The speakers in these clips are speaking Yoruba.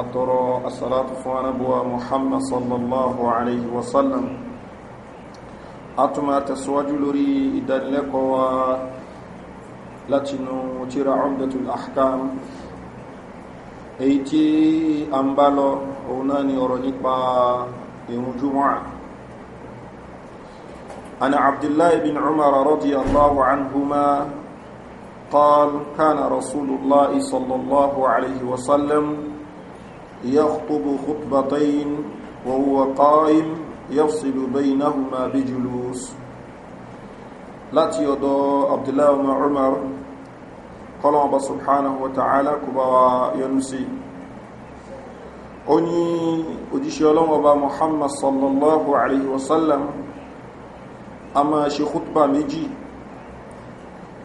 atọrọ asalatu fún anabuwa muhammad sallallahu alayhi wa sallam a tún máa tẹ̀síwájú lórí ìdánilẹ́kọ̀ọ́ wa látinú tíra ọmọdétul ahkam èyí tí a ń bá lọ òun náà ni ọ̀rọ̀ nípa ìrun jùmọ́à عن عبد الله بن عمر رضي الله عنهما قال كان رسول الله صلى الله عليه وسلم يخطب خطبتين وهو قائم يفصل بينهما بجلوس láti ọ̀dọ̀ abdullahi ọmọ umar kọlọ̀ ọba subhanahu wa ta'ala kò bá wa yọnu sí ó ní òjíṣẹ́ ọlọ́wọ́ ọba muhammad sallallahu alaihi wasallam a máa ṣe khutba méjì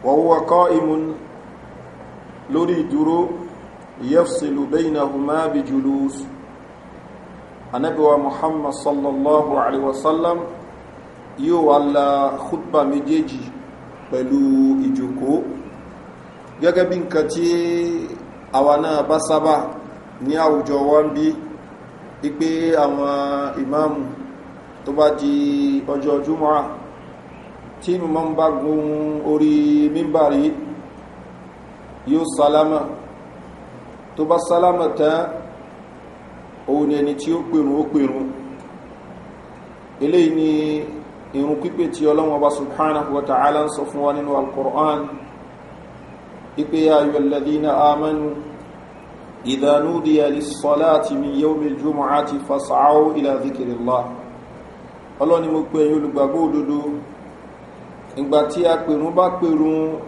wọ́wọ́ kọ́ imun lórí ìdúró يفصل بينهما بجلوس النبي محمد صلى الله عليه وسلم yóò la khutba méjèèjì pẹ̀lú ìjòkó gẹ́gẹ́ bí nǹkan tí àwa náà bá sábà ní àwùjọ wa ń bí ipé àwọn ìmáàmù tó bá di ọjọ́ jùmọ́ra mo máa ń bá gun orí tó bá sálámà tán òun ni ẹni tí ó pèrún ó pèrún eléyìí ni irun pípé tí ọlọ́wọ́n bá subhanahu wa ta'ala ń sọ fún wa nínú alkur'an ipe ya ayu alladhina amanu idha nudiya lis-salati min yawmi al fas'au ila dhikrillah ọlọ́ni mo pe ẹ̀yin olùgbàgbọ́ òdodo ìgbà tí a pèrún bá pèrún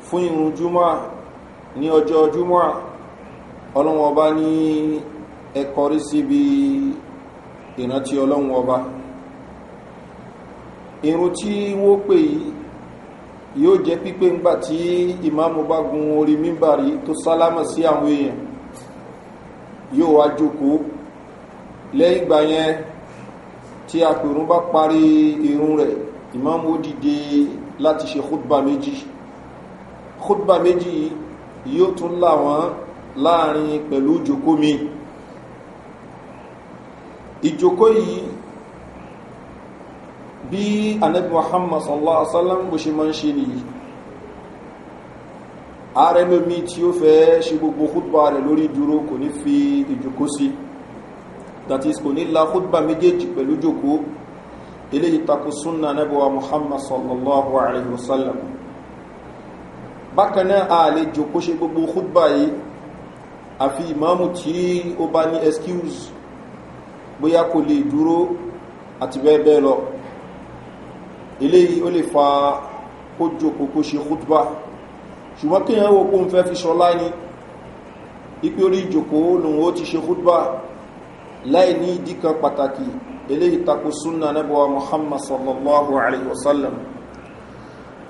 fún irun júmọ́ ní ọjọ́ júmọ́ ọlọ́run ọba ní ẹkọrí síbi ìrántí ọlọ́run ọba irun tí wó pè yìí yóò jẹ́ pípé ńgbà tí ìmáàmù bá gun orí mímbàrí tó sálámà sí àwọn èèyàn yóò wá jókòó lẹ́yìn ìgbà yẹn tí apèrún bá parí irun rẹ̀ ìmáàmù ó dìde láti ṣe khutba méjì khutba méjì yóò tún láwọn láàrin pẹ̀lú ìjòkó mi ìjòkó yìí bí anabi muhammad sallallahu alaihi wasallam bó ṣe máa ń ṣe nìyí ààrẹ lómi tí ó fẹ́ ṣe gbogbo khutba rẹ̀ lórí dúró kò ní fi ìjòkó sí that is kò ní la khutba méjèèjì pẹ̀lú ìjòkó eléyìí takò súnà anabi muhammad sallallahu alaihi wasallam bákan náà jòkó ṣe gbogbo khutba yìí àfi ìmáàmù tí ó bá ní excuse bóyá kò lè dúró àti bẹ́ẹ̀ bẹ́ẹ̀ lọ eléyìí ó lè fa kó jòkó kó ṣe kútbà ṣùgbọ́n kí yẹn wo kó ń fẹ́ fi ṣọlá ní ipé orí ìjòkó lòun ó ti ṣe kútbà láì ní ìdí kan pàtàkì eléyìí tako súnà nẹ́bọ̀wà muhammad sallallahu alaihi wasallam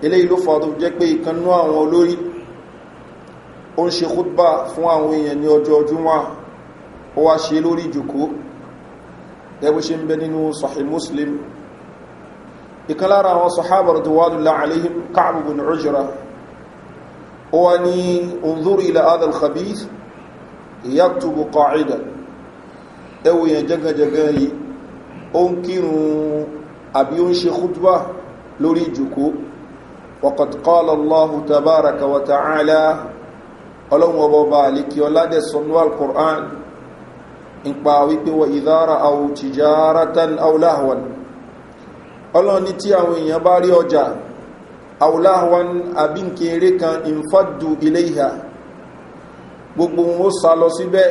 eléyìí ló fàá tó jẹ́ pé ìkannú àwọn olórí ó ń ṣe kútbà fún àwọn èèyàn ní ọjọ́ ọjúmọ́ ó wá ṣe lórí ìjòkó gẹ́gbẹ́ ṣe ń bẹ nínú sahih muslim ìkan lára àwọn sahabar tó wà lulá aléhìm káàbùn ojúra ó wá ní unzuri ila adal khabith ìyàtùbù qa'ida ẹwù yẹn jẹ́gẹ́jẹ́gẹ́ yìí ó ń kírun àbí ó ń ṣe kútbà lórí ìjòkó وقد قال الله تبارك وتعالى ọlọ́run ọba ọba àlekí ọládẹ̀ sọ́nú alkùnrán nípa wípé wọ ìdára àwò tìjáratan auláhwan ọlọ́run ní tí àwọn èèyàn bá rí ọjà auláhwan àbínkèrè kan ìfàdù ilé ìhà gbogbo wọn ó sá lọ síbẹ̀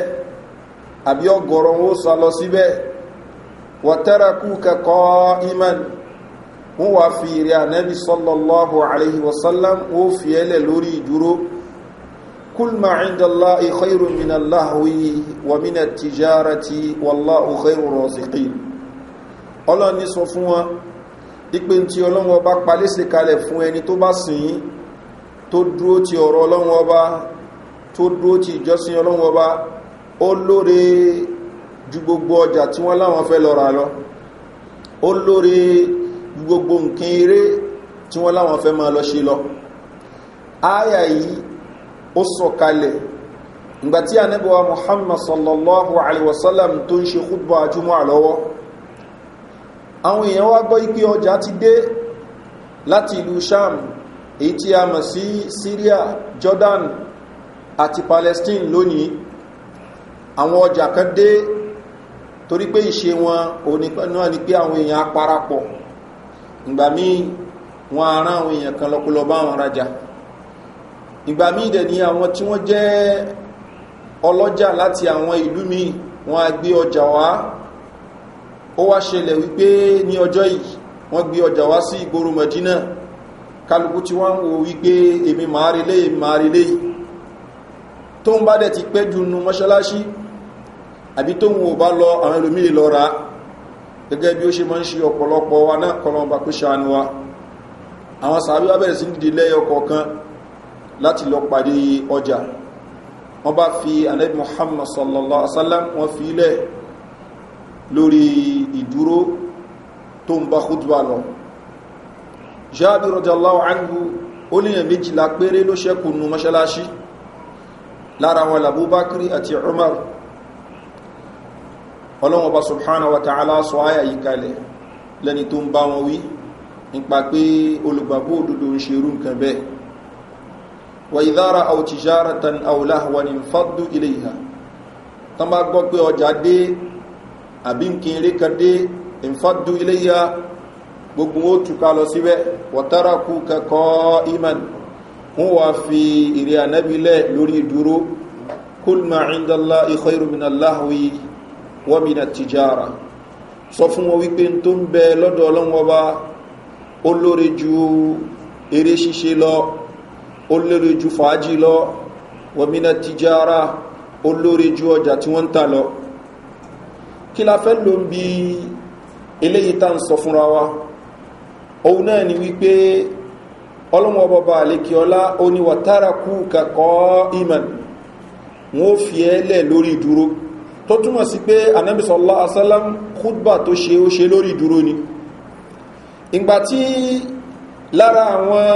àbí ọgọ̀rọ̀ wọn ó sá lọ síbẹ̀ wọ̀tẹ́rakú kẹkọ́ iman wọ́n wá fi ìrẹ́ ànẹ́bí sọ́lọ́lọ́hù kul ma inda Allahi khairun min Allahi wa min at-tijarati wallahu khairur raziqin Ọlọ́run ní sọ fún wọn ipe tí Ọlọ́run ọba palese kalẹ̀ fún ẹni tó bá sìn tó dúró ti ọ̀rọ̀ Ọlọ́run ọba tó dúró ti ìjọsìn Ọlọ́run ọba ó lóore ju gbogbo ọjà tí wọ́n láwọn fẹ́ lọ lọ ó lóore gbogbo nǹkan eré tí wọ́n láwọn fẹ́ máa lọ ṣe lọ áyà yìí ó sọ̀kalẹ̀ ìgbàtí anẹ́bọ̀wà muhammad sallallahu alaihi wasallam tó ń ṣe kúgbọ́ ajúmọ́ alowo àwọn èèyàn wá gbọ́ ipé ọjà ti de lati ìlú sham èyí tí a mọ̀ sí syria jordan ati palestine loni àwọn ọjà kan de torí pé ìṣe wọn náà ni pé àwọn èèyàn aparapọ̀ ìgbàmí wọn ará àwọn èèyàn kan lọ́pọ̀lọpọ̀ àwọn rajà ìgbà míì dẹ̀ ni àwọn tí wọ́n jẹ́ ọlọ́jà láti àwọn ìlú míì wọ́n á gbé ọjà wá ó wá ṣẹlẹ̀ wípé ní ọjọ́ yìí wọ́n gbé ọjà wá sí ìgboro mọ̀dínà kálukú tí wọ́n ń wo wípé èmi máa relé èmi máa relé tó ń bá dẹ̀ ti pẹ́ jù nu mọ́ṣáláṣí àbí tó ń wo bá lọ àwọn ẹlòmíì lọ ra gẹ́gẹ́ bí ó ṣe máa ń ṣe ọ̀pọ̀lọpọ̀ wa náà kọlọ́mbà kó ṣàánú wa àwọn sàbí wa bẹ̀rẹ̀ sí dìde lẹ́yọ kọ̀ọ̀kan láti lọ parí ọjà wọ́n bá fi anabi muhammad sallallahu alaihi wasallam wọ́n fi ilẹ̀ lórí ìdúró tó ń bá kúdùbà lọ jáàbí rọjàláwọ̀ ánìyàn ó níyàn méjìlá péré ló ṣẹ́kùnù mọ́ṣálásí lára wọn labubakiri àti umar ọlọ́wọ́n bá subhanahu wa ta'ala sọ ayà yìí kalẹ̀ lẹ́ni tó ń bá wọn wí nípa pé olùgbàgbó òdòdó ń ṣe irú nǹkan bẹ́ẹ̀ wàyídára àwọn tìjáratàn àwòláhùwà ní fàdú ilé ìhà tán bá gbọ́ pé ọjà dé àbí nkìnrí kan dé ìfàdú ilé ìhà gbogbo ó túká lọ síbẹ̀ wọ̀tára kú kẹ́kọ́ iman wọ́n wá fi ìrìn ànábílẹ̀ lórí ìdúró kúlmà ìndàlá ìkọ̀ ìrùmìnàláhùwì wọ́mìnà tìjára sọ fún wọn wípé tó ń bẹ lọ́dọ̀ ọlọ́wọ́ bá olóore ju eré ṣíṣe lọ ó lórí ju fàájì lọ wọ́mínà tìjára ó lórí ju ọjà tí wọ́n ń tà lọ kí la fẹ́ ló ń bi eléyìí tá ń sọ fúnra wa òun náà ni wípé ọlọ́mọ bọba àlekíọlá ó ní wàtàrà kú kàkọ́ iman wọ́n fi ẹ́lẹ̀ lórí ìdúró tó túnmọ̀ sí pé anábìsọ̀lá asálám kúdbà tó ṣe ó ṣe lórí ìdúró ni ìgbà tí lára àwọn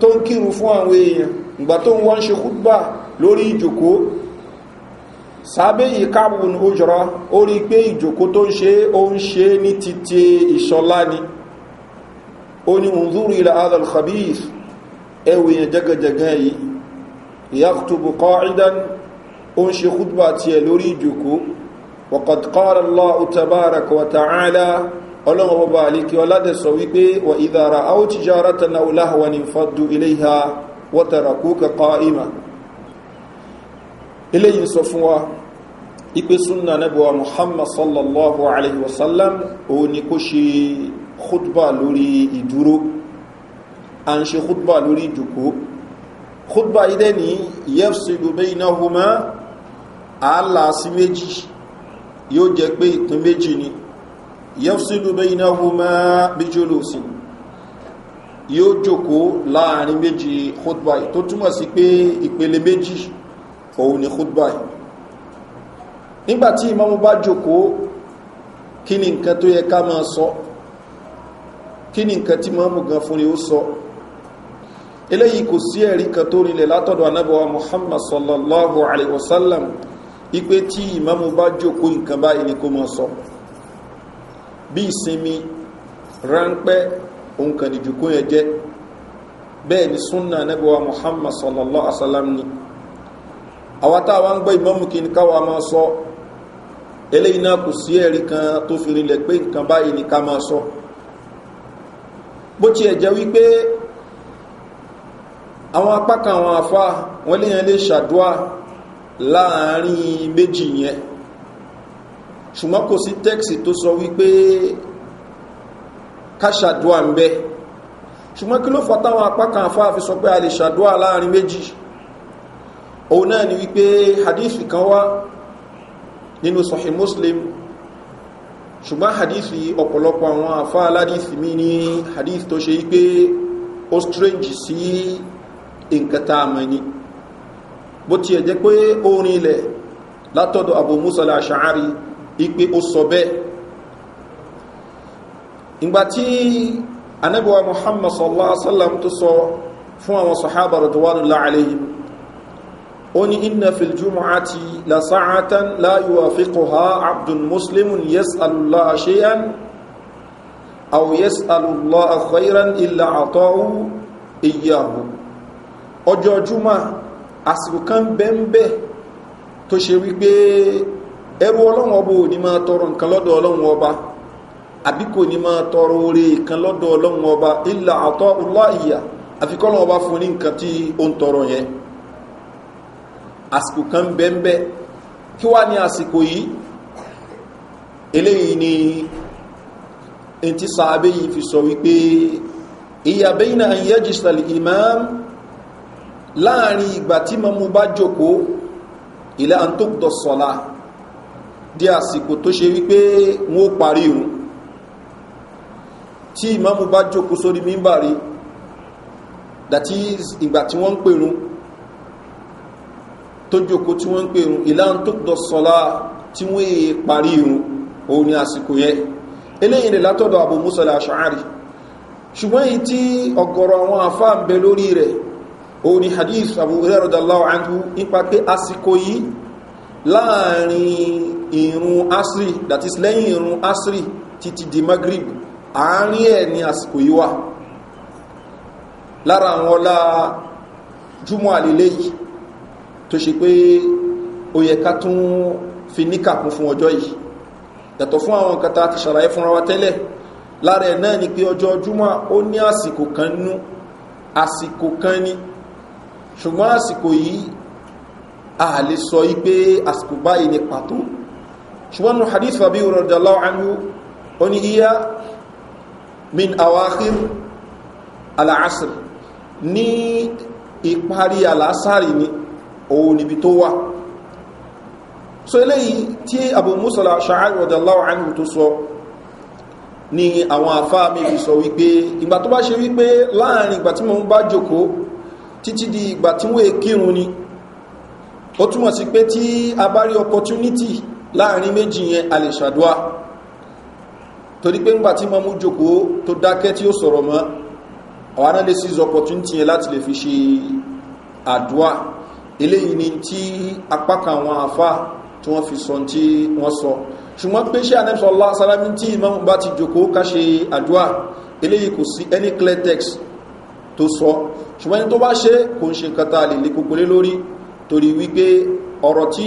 tó ń kírun fún àwọn èèyàn ìgbà tó ń wọ́n ṣe kúgbà lórí ìjòkó sábẹ́ ìkábùn òjòrò ó rí pé ìjòkó tó ń ṣe ó ń ṣe ní títí ìṣọ́lá ni ó ní ǹzúrù ilẹ̀ adal khabir ẹwù jẹ́gẹ̀jẹ̀gẹ̀ yìí ìyàkùtùbù ọlọ́run ọba àlekí ọládẹ̀ sọ wípé wà ìdára a ó ti já ara tana oláhàwà ní fàdù ilé ìhà wọ́tara kó kẹ́kọ́ ìmà eléyìn sọ fún wa ipe sunna nabuwa muhammad sallallahu alaihi wasallam òun ni kó ṣe yẹ́fṣílù bẹ́yìn náà méjìlósìn yóò jòkó láàrin méjì khutbai tó túnmọ̀ sí pé ìpele méjì òun ni khutbai nígbàtí imamu bá jòkó kí ni nǹkan tó yẹ ká máa sọ kí ni nǹkan tí imamu gan fúnni ó sọ eléyìí kò sí ẹ̀rí kan tó rinlẹ̀ látọ̀dọ̀ anábọ̀wá muhammad sallallahu alaihi wasallam ipe tí imamu bá jòkó nǹkan báyìí ni kó máa sọ bí ìsinmi ránpẹ́ òun kàn ní jùkú yẹn jẹ́ bẹ́ẹ̀ ni súnà anábíwá muhammad sallallahu alaihi wasallam ni àwọn táwa ń gbọ́ ìmọ̀mù kí ni káwa máa sọ eléyìí náà kò sí ẹ̀rí kan tó fi rinlẹ̀ pé nǹkan báyìí ni ká máa sọ bó tiẹ̀ jẹ́ wípé àwọn apá àwọn afá wọn léyìn lè ṣàdúà láàárín méjì yẹn ṣùgbọ́n kò sí tẹ́ksì tó sọ wípé ká ṣàdúwà ń bẹ́ ṣùgbọ́n kí ló fọ́ táwọn apákan afáàfi sọ pé a lè ṣàdúwà láàrin méjì òun náà ni wípé hadithi kan wá nínú sọ̀hì muslim ṣùgbọ́n hadithi ọ̀pọ̀lọpọ̀ àwọn afá aládìsí mi ní hadith tó ṣe wípé ó strange sí nǹkan tá a mọ̀ ni bó tiẹ̀ jẹ́ pé orin ilẹ̀ látọ̀dọ̀ abu musa al-ashari ipe ó sọ bẹ́ẹ̀ ìgbà tí anábíwá muhammad sallallahu alaihi wasallam tó sọ fún àwọn sahaba rọ̀dọ̀wọ́n láàrín ó ní iná filjúmọ̀ àti lásàátán láyíwá fíkọ̀ ha abdul muslimun yes alullah ṣeyan au yes alullah akwairan illa àtọ́wù iyahu ọjọ́ juma àsìkò kan bẹ́ẹ̀ bẹ́ẹ̀ tó ṣe wípé ẹrù ọlọ́run n'i ní máa tọrọ nǹkan lọ́dọ̀ ọlọ́run ọba àbí kò ní máa tọrọ oore kan lọ́dọ̀ ọba ilà àtọ́ ọláìyà ọba fún ní nǹkan tí ó ń tọrọ yẹn àsìkò kan bẹ́ẹ̀bẹ́ kí wá ní àsìkò yìí eléyìí ni in ti sàábé yìí fi sọ wípé láàrin ìgbà tí bá ilẹ̀ di àsìkò tó ṣe wípé wọ́n ó parí òun tí ìmáàmù bá jókòó sórí mímbàrí dàtí ìgbà tí wọ́n ń pèrún tó jókòó tí wọ́n ń pèrún ìlànà tó dọ̀ sọ́lá tí wọ́n è parí irun òun ni àsìkò yẹn eléyìn rẹ̀ látọ̀dọ̀ àbò mùsọ̀lá àṣàárì ṣùgbọ́n èyí tí ọ̀gọ̀rọ̀ àwọn àfá ń bẹ lórí rẹ̀ òun ni hadith àbò rẹ̀rọ̀dàláwà nípa pé àsìkò yìí láàrin ìrún asri that is lẹ́yìn ìrún asri títí di magrib àárín ẹ̀ ní àsìkò yìí wà lára àwọn ọlá júmọ́ àlélé yìí tó ṣe pé ó yẹ ká tún fi níkàkún fún ọjọ́ yìí yàtọ̀ fún àwọn kata ti ṣàlàyé fúnra wa tẹ́lẹ̀ lára ẹ̀ náà ni pé ọjọ́ júmọ́ ó ní àsìkò kan nú àsìkò kan ní ṣùgbọ́n àsìkò yìí a sọ yí pé àsìkò báyìí ni pàtó ṣùgbọ́n حديث hadith rabi الله anhu أني هي من أواخر العصر ني asr على ìparí alásàrì ni òun níbi tó wà so eléyìí tí abu musa al-ash'ari radiyallahu anhu tó sọ ni àwọn àfá mi fi sọ wípé ìgbà tó bá ṣe wípé láàrin ìgbà tí mo ń bá jòkó títí di ìgbà tí wọ́n kírun ni ó túmọ̀ sí pé tí a bá rí opportunity láàrin méjì yẹn a lè ṣàdúwà torí pé ńgbà tí ma mú jòkó tó dákẹ́ tí ó sọ̀rọ̀ mọ́ àwọn náà lè sí opportunity yẹn láti lè fi ṣe àdúwà eléyìí ni tí apákan àwọn àfá tí wọ́n fi sọ tí wọ́n sọ ṣùgbọ́n pé ṣe anẹ́sọ̀ ọlá sálámi tí imam bá ti jòkó ká ṣe àdúwà eléyìí kò sí any clear text tó sọ ṣùgbọ́n ẹni tó bá ṣe kò ń ṣe nǹkan tá a lè lè gbogbo lórí torí wípé ọ̀rọ̀ tí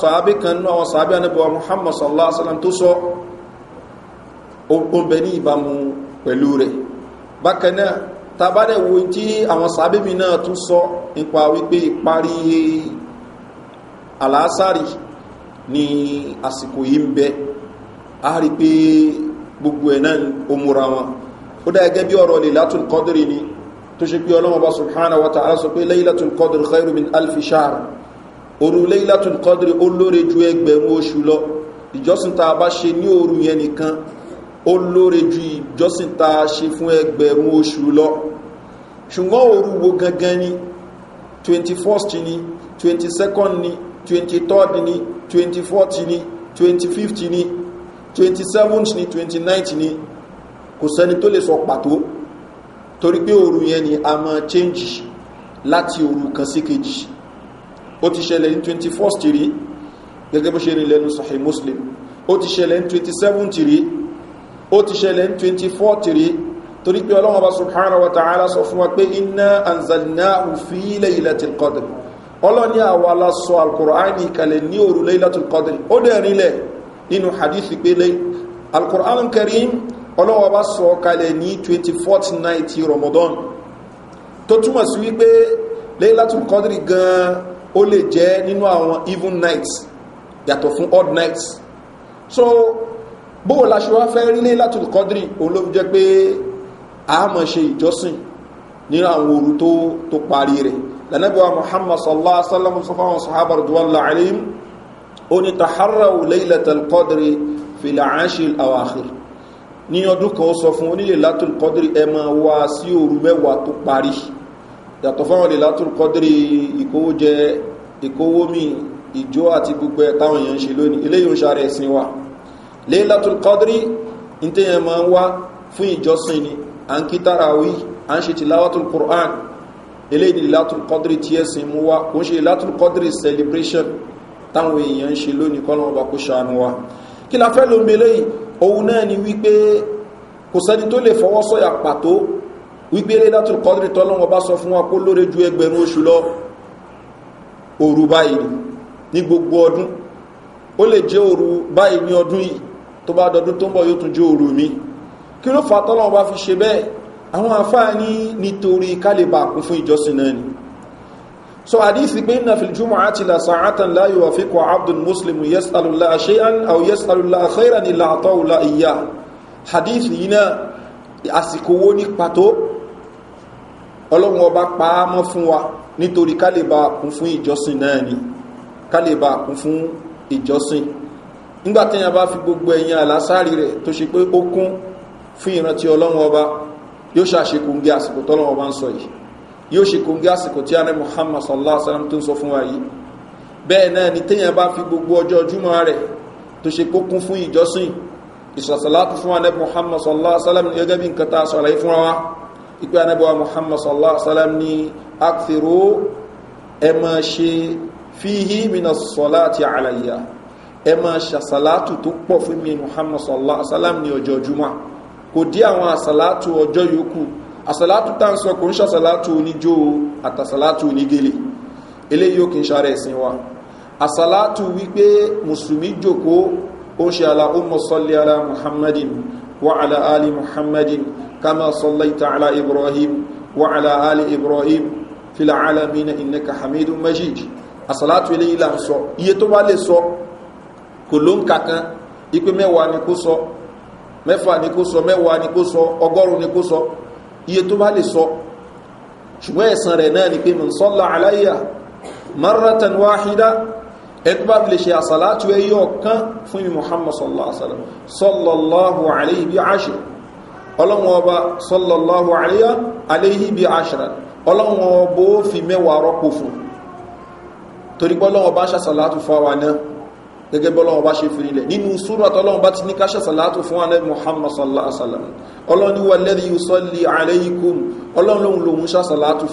sàábé kan náà wọn sàábé anábọ̀ muhammad sallallahu alaihi wasallam tó sọ ó bẹ ní ìbámu pẹ̀lú rẹ̀ bákan náà tàbádẹ̀ wo tí àwọn sàábé mi náà tún sọ nípa wípé ìparí àlàásàrì ní àsìkò yìí ń bẹ a rí pé gbogbo ẹ̀ náà ó múra wọn ó dá ẹgẹ́ bí ọ̀rọ̀ lè látún kọ́dìrì ni tó ṣe pé ọlọ́mọba subhanahu wa ta'ala sọ pé lẹ́yìn látún kọ́dìrì khairu min alfi shahara òru leilatul qadri ó lóore ju ẹgbẹ̀rún oṣù lọ ìjọsìn tá a bá ṣe ní òru yẹn nìkan ó lóore ju ìjọsìn tá a ṣe fún ẹgbẹ̀rún oṣù lọ ṣùgbọ́n òru wo gangan ni 21st ni 22nd ni 23rd ni 24th ni 25th ni 27th ni 29th ni kò sẹ́ni tó lè sọ pàtó torí pé òru yẹn ni a máa change láti oru kan sí kejì ó ti ṣẹlẹ̀ ní 21st rí gẹ́gẹ́ bó ṣe rí lẹ́nu sahih muslim ó ti ṣẹlẹ̀ ní 27th rí ó ti ṣẹlẹ̀ ní 24th rí torí pé ọlọ́wọ́n bá subhanahu wa ta'ala sọ fún wa pé iná anzalnahu fi laylatil qadr ọlọ́ni àwọn aláṣọ alkùránì kalẹ̀ ní òru laylatul qadr 24th night ramadan tó túnmọ̀ sí ó lè jẹ́ nínú àwọn even nights yàtọ̀ fún odd nights so bóò láṣọ wá fẹ́ rí lélátùl kọ́dírì òun ló fi jẹ́ pé àmọ̀ ṣe ìjọsìn nínú àwọn òru tó tó parí rẹ̀ lànàbíwá muhammad sallallahu alaihi wasallam sọ fáwọn sahaba rẹ̀dùwọ́lá alim ó ní taharau lélátùl kọ́dírì filashil awahir ní ọdún kan ó sọ fún onílẹ̀ látùl kọ́dírì ẹ máa wá sí òru mẹ́wàá tó parí yàtọ̀ fáwọn ìlàtúrù kọ́dírí ìkówójẹ ìkówómi ìjó àti gbogbo ẹ̀táwọn èèyàn ṣe lónìí iléyìn ṣàrẹ̀ ẹ̀sìn wa lẹ́làtúrù kọ́dírí ní tí èèyàn máa ń wá fún ìjọsìn ni à ń kí tàràwí à ń ṣe ti láwàtúrù quran eléyìn ìlàtúrù kọ́dírí tí ẹ̀sìn mú wa kò ń ṣe ìlàtúrù kọ́dírí celebration táwọn èèyàn ṣe lónìí kọ́lọ́mọba kó ṣàánú wa kí la fẹ́ lómi eléyìí òun náà ni wípé kò sẹ́ni tó lè fọwọ́ sọ́yà pàtó wípé lẹ́dàtù kọ́dìrì tọ́lọ́wọ́ bá sọ fún wa kó lóore ju ẹgbẹ̀rún oṣù lọ òru báyìí ní gbogbo ọdún ó lè jẹ́ òru báyìí ní ọdún yìí tó bá dọdún tó ń bọ̀ yóò tún jẹ́ òru mi kí ló fà tọ́lọ́wọ́ bá fi ṣe bẹ́ẹ̀ àwọn àfáà nítorí kálíbà kún fún ìjọsìn náà ni so àdísì pé iná fìljúmọ̀ àti làṣàátàn láyé wà fíkọ̀ abdul muslim yẹ́sàlùlá àṣẹ́yàn àwọn yẹ́sàlùlá àṣẹ́yàn ni làtọ́wùlá ìyá àdísì yìí náà àsìkò wo ní pàtó ọlọ́run ọba pa á mọ́ fún wa nítorí kálíbà kún fún ìjọsìn náà ni kálíbà kún fún ìjọsìn nígbà téèyàn bá fi gbogbo ẹ̀yìn àlásáàrí rẹ̀ tó ṣe pé ó kún fún ìrántí ọlọ́run ọba yóò ṣàṣekùngé àsìkò tọ́lọ́run ọba ń sọ yìí yóò ṣekùngé àsìkò tí a muhammad sallallahu alaihi wa sallam tó ń sọ fún wa yìí bẹ́ẹ̀ náà ni téèyàn bá fi gbogbo ọjọ́ júmọ́ rẹ̀ tó ṣe kó kún fún ìjọsìn ìṣàṣàlátù fún anẹ́bù muhammad sallallahu alaihi wa sallam gẹ́gẹ́ bí nǹkan tá a sọ̀rọ̀ yìí fúnra wa ìpé anábíwá muhammad sallallahu alaihi wasallam ní akthiro ẹ ma ṣe fíhí mina sọlá àti àlàyé ẹ ma ṣàṣàlátù tó pọ̀ fún mi muhammad sallallahu alaihi wasallam ní ọjọ́ juma kò dí àwọn àṣàlátù ọjọ́ yòókù àṣàlátù tá ń sọ kò ń ṣàṣàlátù oníjó àtàṣàlátù onígele eléyìí ó kì í ṣàrẹ̀ ẹ̀sìn wa àṣàlátù wípé mùsùlùmí jòkó ó ṣe àlà ó mọ̀ sọ́lé ara muhammadin wa àlà ali muhammadin كما صليت على إبراهيم وعلى آل إبراهيم في العالمين إنك حميد مجيد الصلاة إليه لا سو يتوبا لي سو كلهم كاكا ipe mẹ́wàá ni kó sọ mẹ́fà ni kó sọ mẹ́wàá ni kó sọ ọgọ́rùn ni kó sọ iye tó bá lè sọ ṣùgbọ́n ẹ̀sàn rẹ̀ náà ni pé mọ̀ sọ́lá aláyà maratan wáhídá ẹgbà lè ṣe àsàlátù ẹyọ kan fún mi muhammad sallallahu alaihi wa sallam sallallahu alaihi wa sallam ọlọ́wọ́n ọba sọlọ́láhùn àríyá aléhìbí àṣàrà ọlọ́wọ́n ọba ó fi mẹ́wàá rọ́pò fún torí bọ́lọ́wọ́n bá ṣàṣàlátù fún àwa náà gẹ́gẹ́ bọ́lọ́wọ́n bá ṣe fìrìlẹ̀ nínú súrat ọlọ́wọ́n bá ti ní káṣàṣàlátù fún alẹ́ muhammad sallallahu alaihi wasallam ọlọ́wọ́n ni wà lẹ́rí yusọ́lì aláìkùm ọlọ́wọ́n lòun lòun ṣàṣàlátù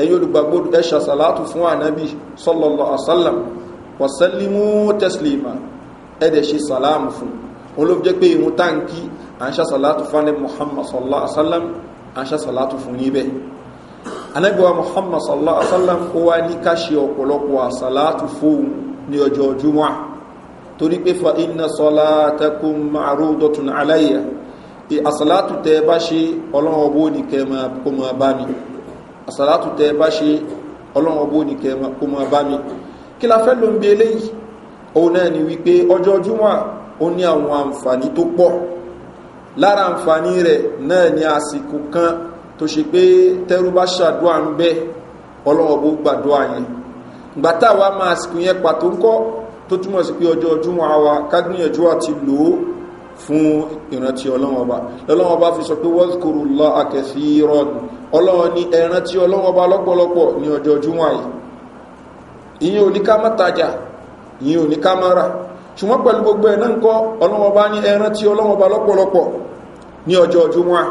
ẹ̀yin olùgbàgbò ẹ̀ṣà sàlátù fún ànábì sọ́lọ̀lọ̀ àsálàm wàsálímú tẹ́sílìmà ẹ̀dẹ̀ ṣe sàlámù fún wọn ló jẹ́ pé ìhun táǹkì àṣà sàlátù fún ànábì muhammad sọ́lọ̀ àsálàm àṣà sàlátù fún níbẹ̀ ànábì wa muhammad sọ́lọ̀ àsálàm ó wá ní káṣe ọ̀pọ̀lọpọ̀ àsàlátù fóun ní ọjọ́ júmọ́ torí pé fa iná sọ́lá tẹ́kùn márùndọ̀tún aláyà àsàlátù tẹ́ bá ṣe àsàlátù tẹ bá ṣe ọlọ́run ọbó ní kó máa bá mi kí la fẹ́ ló ń bi eléyìí òun náà ni wípé ọjọ́ júmọ́ ó ní àwọn àǹfààní tó pọ̀ lára àǹfààní rẹ̀ náà ni àsìkò kan tó ṣe pé tẹ́rú bá ṣàdúrà ń bẹ́ ọlọ́run ọbó gbàdúrà yẹn gbàtà wa máa àsìkò yẹn pàtó ń kọ́ tó túmọ̀ sí pé ọjọ́ júmọ́ kágbìyànjú àti lòó fún ìrántí ọlọ́wọ́ba lọ́lọ́wọ́ba fi sọ pé wọ́kùrù lọ àkẹsí rọ́ọ̀nù ọlọ́wọ́ ní ẹ̀rántí ọlọ́wọ́ba lọ́pọ̀lọpọ̀ ní ọjọ́ júwọ́n yìí ìyẹn ò ní ká má tajà ìyẹn ò ní ká má rà ṣùgbọ́n pẹ̀lú gbogbo ẹ̀ náà ń kọ́ ọlọ́wọ́ba ní ẹ̀rántí ọlọ́wọ́ba lọ́pọ̀lọpọ̀ ní ọjọ́ júwọ́n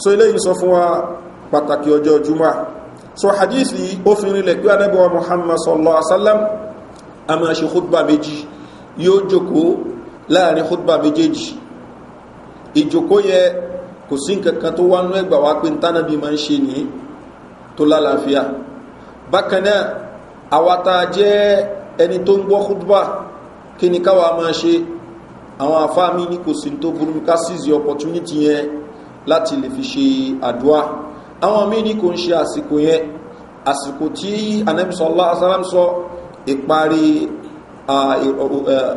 so eléyìí sọ fún wa pàtàkì ọjọ́ júwọ́n so hadithi ó fi rinlẹ̀ pé anábíwá muhammad sallallahu alaihi wasallam a máa ṣe khutba méjì yóò jókòó láàrin khutba méjèèjì ìjòkó yẹ kò sí nkankan tó wánú ẹgbà wá pé ntánàbí máa ń ṣe ní tó lálàáfíà bákan náà àwata jẹ́ ẹni tó ń gbọ́ khutba kí ni káwa máa ṣe àwọn afáàmì ní kò sí tó burú ká sízi opportunity yẹn láti lè fi ṣe àdúrà àwọn míì ní kò ń ṣe àsìkò yẹn àsìkò tí anẹ́bísọ́lá asálàmsọ ìparí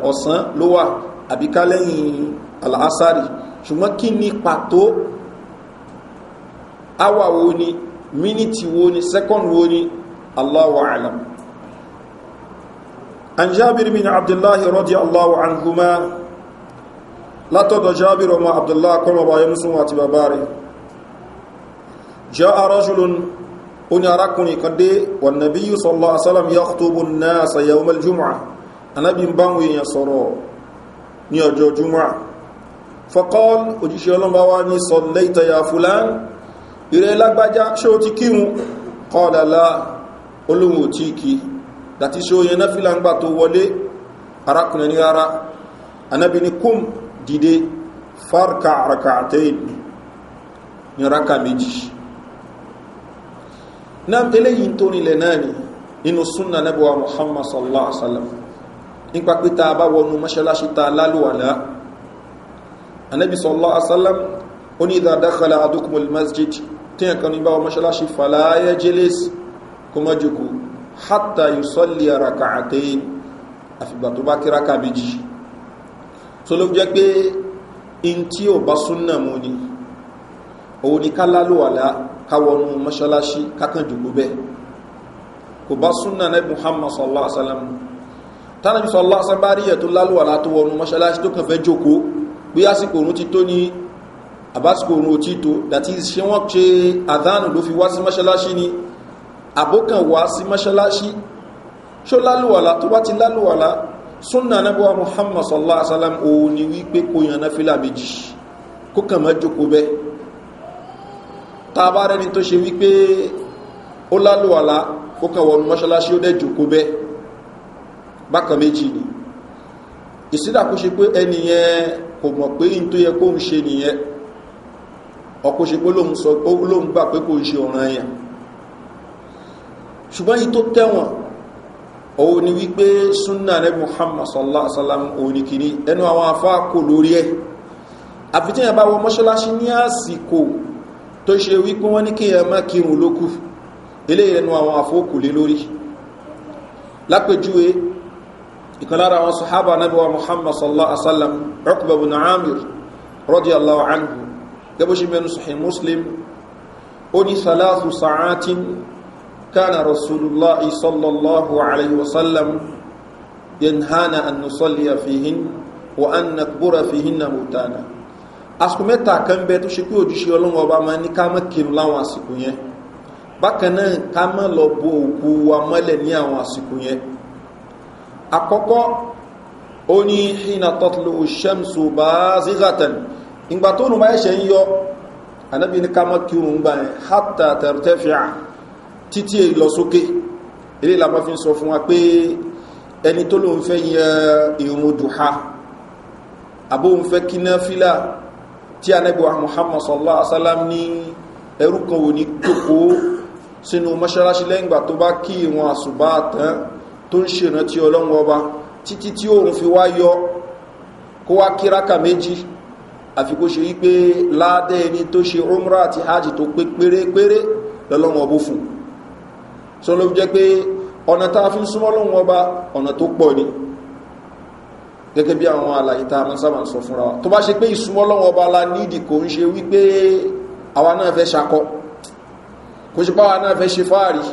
ọ̀sán ló wà àbíká lẹ́yìn alásàrì ṣùgbọ́n kí ni pàtó awa wo ni mínítì wo ni sẹ́kọ̀ndì wo ni aláwọ̀ àlàm an jabir bin abdullahi radiyallahu anhuma látọ̀dọ̀ jabir ọmọ abdullahi kọlọba yẹn musulman àti bàbá rẹ̀ jẹ́ arọ́julun oní arákùnrin kan dé wọn nàbí yusuf allah asalam yàtọ̀bùn náà sayawu ní ọjọ́ júmọ́ fọ́kọ́l òjíṣẹ́ ọlọ́mbà wá ní sọ lẹ́ìtẹ̀yà fúlán ìrẹ́ lágbájá ṣe ó ti kírun kọ́ọ̀dàlá olóhun ò tí kí dàti ṣe oye náà fílà ń gbà tó wọlé arákùnrin ní ara anábi ni kún dìde fárka àràkà àtẹ́yìn nípa pé ta bá wọnú mọ́ṣáláṣí ta lálùwàlá anábì sọ́lọ́ asálám ó ní ìdàdákàlà àdókùnmọ̀lì masjid tí ẹ̀kan ní bá wọ mọ́ṣáláṣí fàlàyé jẹ́lẹ́sì kó má jòkó hátà yóò sọ́lì ara kàtẹ́yìn àfìgbà kò bá súnnà náà muhammad sallallahu alaihi wasallam tánàbí sọ lásán bá rí ẹ̀ tó lálùwà látó wọnú mọ́ṣáláṣí tó kàn fẹ́ jòkó bí àsìkò òun ti tó ní àbásìkò òun ò tí tó dàtí ṣe wọ́n ṣe àdánù ló fi wá sí mọ́ṣáláṣí ni àbókàn wá sí mọ́ṣáláṣí ṣó lálùwàlá tó bá ti lálùwàlá súnà anábíwá muhammad sallallahu alaihi wasallam òun ni wípé kó yan náfìlà méjì kó kàn mọ́ a bá rẹni tó ṣe wípé ó lálùwàlá kó bákan méjì ni ìsídà kó ṣe pé ẹnìyẹn kò mọ̀ pé in tó yẹ kó ń ṣe nìyẹn ọkọ̀ ṣe pé lóhun gbà pé kò ń ṣe ọ̀ràn yẹn ṣùgbọ́n yìí tó tẹ́wọ̀n òun ni wípé súnà rẹ̀ muhammad sallallahu alaihi wasallam òun ni kìíní ẹnu àwọn afá kò lórí ẹ̀ àfitẹ́yàn bá wọ mọ́ṣọ́láṣí ní àsìkò tó ṣe wípé wọ́n ní kí ẹ má kírun lókù eléyìí ẹnu àwọn afókòlé lórí lápẹjúwe ìkan lára àwọn sahaba anábíwa muhammad sallallahu alaihi wasallam ọkùnbẹ̀ bin amir radiyallahu anhu gẹ́bọ́ sí mẹ́nu sahih muslim ó ní salatu sa'atin kana rasulullah sallallahu alaihi wasallam yanhana an nusalliya fihin wa an nakbura fihin na mutana àsìkò mẹ́ta kan bẹ tó ṣe pé òjíṣẹ́ ọlọ́wọ́ ọba máa ní ká mọ́ àkọ́kọ́ ó ní hìnà tọ́tùlù ṣẹ́mṣù bá zígàtàn ìgbà tó nù máa ṣe ń yọ anábi ní kama kírun gbà ẹ̀ hátà tẹ̀rẹ̀tẹ̀fìà títí èlọ sókè ilé ìlàmọ́ fi ń sọ fún wa pé ẹni tó lóun fẹ́ yẹ ìrùn dùhà àbóhun fẹ́ kíná fílà tí anábi wa muhammad sallallahu alaihi wasallam ní ẹrú kan ò ní jókòó sínú mọ́ṣáláṣí lẹ́yìn gbà tó bá kí ìrùn àṣùbá tán tó ń ṣe ìrántí ọlọ́run ọba títí tí òun fi wá yọ kó wá kíráka méjì àfi ṣe wípé ládẹ́ ẹni tó ṣe umra àti hajj tó pé pérépéré lọ́lọ́run ọbó fún sọ ló jẹ́ pé ọ̀nà tá a fi ń súnmọ́ lọ́run ọba ọ̀nà tó pọ̀ ni gẹ́gẹ́ bí àwọn àlàyé tá a mọ́ sábà ń sọ fúnra wa tó bá ṣe pé ìsúnmọ́ lọ́run ọba la nídìí kò ń ṣe wípé àwa náà fẹ́ ṣakọ kò ṣe pé àwa náà fẹ́ ṣe fáàrí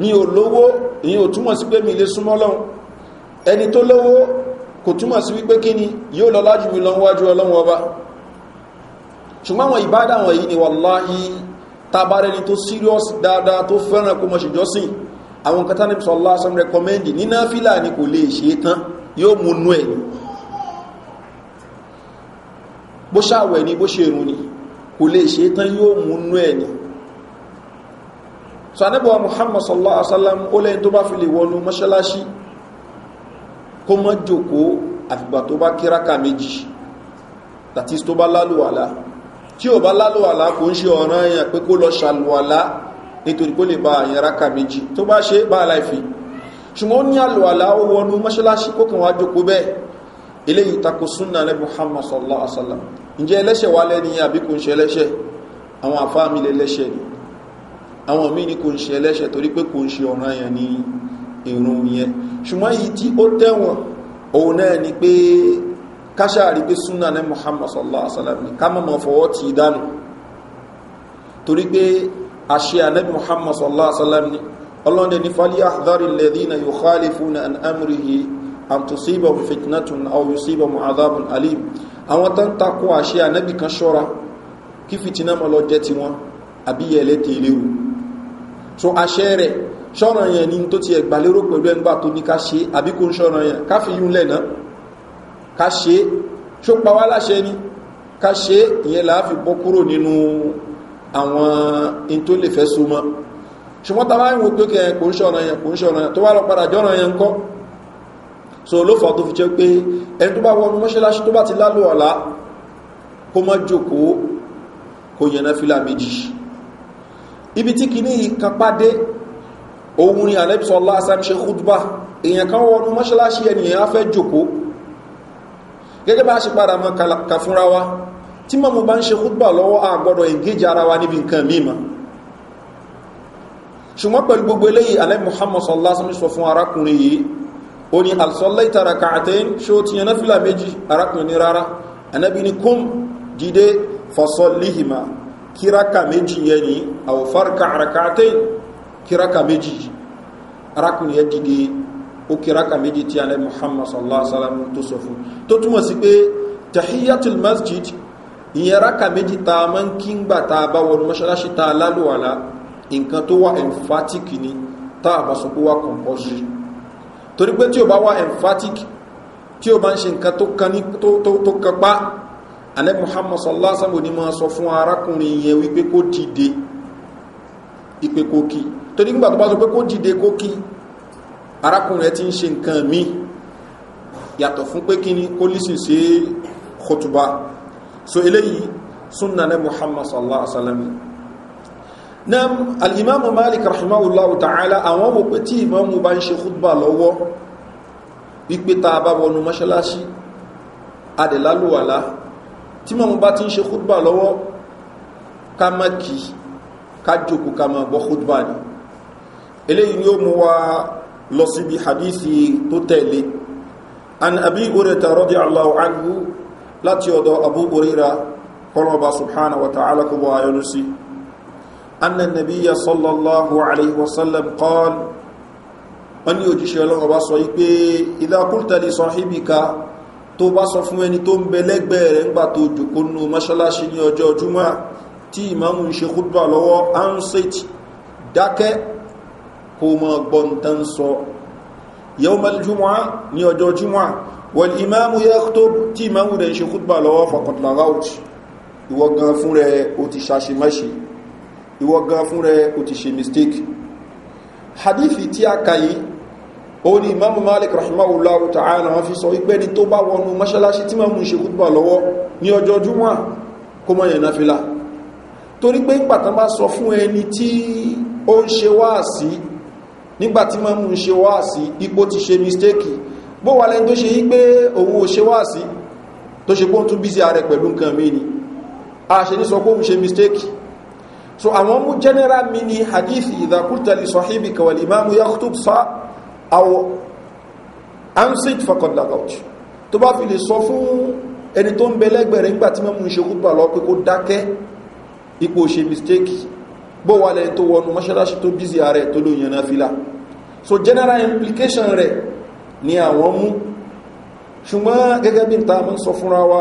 ní olówó ìyẹn ò túmọ̀ sí pé mi lè súnmọ́ lọ́hun ẹni tó lówó kò túmọ̀ sí wípé kí ni yóò lọ lájú mi lọ wájú ṣùgbọ́n wọ̀nyí ni wàláhí serious dáadáa tó fẹ́ràn kó mọ̀ ṣèjọ́sìn àwọn kátà ní sọ lásán rẹkọmẹ́ndì ni kò lè ṣe tán yóò ni bó ni kò lè ṣe tán yóò mú nú ẹ̀ so anábọ̀wà muhammad sallallahu alaihi wasallam ó lẹ́yìn tó bá fi lè wọnú mọ́ṣálásí kó mọ́ jòkó àfìgbà tó bá kíráka méjì tàti tó bá lálùwàlá tí ò bá lálùwàlá kò ń ṣe ọ̀ràn èèyàn pé kó lọ ṣàlùwàlá nítorí kó lè ba àyàn ráka méjì tó bá ṣe bá aláìfi ṣùgbọ́n ní àlùwàlá ó wọnú mọ́ṣálásí kó kàn wá jòkó bẹ́ẹ̀ eléyìí tako súnà rẹ̀ muhammad sallallahu alaihi wasallam ǹjẹ́ ẹlẹ́ṣẹ̀ wà lẹ́ni àbí kò ń ṣe ẹlẹ́ṣẹ̀ àwọn àfáàmì lẹ́lẹ́ṣẹ̀ ni àwọn míì ní kò ń ṣe ẹlẹ́ṣẹ̀ torí pé kò ń ṣe ọ̀ràn yẹn ní irun yẹn ṣùgbọ́n yìí tí ó tẹ̀wọ̀n òun náà ni pé káṣáàrí pé súnà ní muhammad sallallahu alaihi wasallam ní ká mọ̀ fọwọ́ ti dánù torí pé àṣẹ ànábì muhammad sallallahu alaihi wasallam ní ọlọ́dẹ ní fali ahdari lẹ́dínà yóò khálí fún an amrihi an tó sí kí fitina mọ̀ lọ jẹ́ tiwọn àbí yẹlẹ́ tẹ̀léwu so àṣẹ rẹ̀ ṣọ́ràn yẹn ni tó ti ẹ̀gbà lérò pẹ̀lú ẹgbà tó ní ká ṣe àbí kò ń ṣọ́ràn yẹn ká fi yún lẹ́nà ká ṣe ṣó pa wá láṣẹ ni ká ṣe ìyẹn là á fi bọ́ kúrò nínú àwọn in tó lè fẹ́ so mọ́ ṣùgbọ́n ta máa ń wo pé kẹ kò ń ṣọ́ràn yẹn kò ń ṣọ́ràn yẹn tó wá lọ padà jọ́ràn yẹn ń kọ́ so ló fà tó fi jẹ́ pé ẹni tó bá wọnú mọ́ṣáláṣí tó bá ti lálò ọ̀la kó mọ́ jòkó kó yẹn náà fìlà méjì ibi tí kìíní ìkapádé ohun ni alẹ́bisọ lásán ṣe kúdùbà èèyàn kan wọnú mọ́ṣáláṣí ẹnìyàn á fẹ́ jòkó gẹ́gẹ́ bá ṣe padà mọ́ kàfúnra wa tí mọ́ mo bá ń ṣe kúdùbà lọ́wọ́ àgbọ́dọ̀ ìgéjì ara wa níbi nǹkan mímọ̀ ṣùgbọ́n pẹ̀lú gbogbo eléyìí alẹ́ muhammad sallásán sọ fún arákùnrin yìí ó ní alsọ́lá ìtara kàtẹ́yìn ṣó ti kíráka méjì yẹn ni àwòfárka àràkàtẹ́ kíráka méjì arákùnrin yẹn dìde ó kíráka méjì tí alẹ́ muhammad sallallahu alaihi wasallam sallam tó sọ fún tó túmọ̀ tahiyatul masjid ìyẹn ráka méjì tá a máa ń kí ń gbà tá a bá wọnú mọ́ṣáláṣí tá a lálùwàlá emphatic ni ta ba bá sọ pé wà compulsory torí pé tí o bá wà emphatic tí o bá ni to to to kan pa anabi muhammad sallallahu alaihi wasallam ni máa sọ fún arákùnrin yẹn wípé kó dìde ipe kó kí torí nígbà tó bá sọ pé kó dìde kó kí arákùnrin ẹ ti ń ṣe nǹkan míì yàtọ̀ fún pé kí ni kó lísì so eléyìí súnnà ní muhammad sallallahu alaihi wasallam na al'imamu malik rahimahullahu ta'ala àwọn ọmọ pé tí imamu bá ń ṣe kòtùbá lọ́wọ́ wípé ta bá wọnú mọ́ṣálásí adìlálùwàlá tí mọ̀mú bá ti ń ṣe khutba lọ́wọ́ ká má kì í ká jòkó ká má gbọ́ khutba ni eléyìí ni ó mú wa lọ síbi hadithi tó tẹ̀lé an abi ureta rọ́dí allahu anhu láti ọ̀dọ̀ abu urira kọlọba subhana wa ta'ala kó wà yọnu sí anna nabiya sallallahu alaihi wasallam qal wani òjíṣẹ́ ọlọ́wọ́ bá sọ yí pé ìdákùltà lè sọ tó bá sọ fún ẹni tó ń bẹ lẹ́gbẹ̀ẹ́ rẹ̀ ńgbà tó jòkó nù mọ́ṣáláṣí ní ọjọ́ ọjúmọ́ tí ìmáàmù ń ṣe kúrúbà lọ́wọ́ ansait dákẹ́ kó mọ́ gbọ́ntán sọ yọ́mọ́lẹ́júmọ́ ní ọjọ́ ọjúmọ́ wọ́n ìmáàmù yẹ́ tó tí ìmáàmù rẹ̀ ń ṣe kúrúbà lọ́wọ́ hadithi tí a kà ó ní imamu malik rahimahullahu ta'ala wọn fi sọ wípé ní tó bá wọnú mọ́ṣálásí tí mọ́mú ṣe kútùbà lọ́wọ́ ní ọjọ́ júmọ́ kó mọ́ yẹn náfìlà torí pé ìgbàtán bá sọ fún ẹni tí ó ń ṣe wáàsí nígbàtí mọ́mú ṣe wáàsí ipò ti ṣe mistake bó wà lẹ́ni tó ṣe yí pé òun ò ṣe wáàsí tó ṣe pọ́n tún bí sí ààrẹ pẹ̀lú nǹkan mí ni a ṣe ní sọ pé òun ṣe mistake so àwọn mú general mini hadithi ìdàkútàlì sọ̀híbì kàwàlì máa mú yàkútù sáà àwọ̀ ansit fakọ̀dàgọ̀t tó bá fi lè sọ fún ẹni tó ń bẹ lẹ́gbẹ̀rẹ̀ nígbà tí mẹ́mú ìṣe kúpa lọ pé kó dákẹ́ ipò ṣe mistake bó wà lẹ́yìn tó wọnú mọ́ṣáláṣí tó bízi ààrẹ tó ló yẹn náà so general implication rẹ̀ ni àwọn mú ṣùgbọ́n gẹ́gẹ́ bí ta mọ́ sọ fúnra wa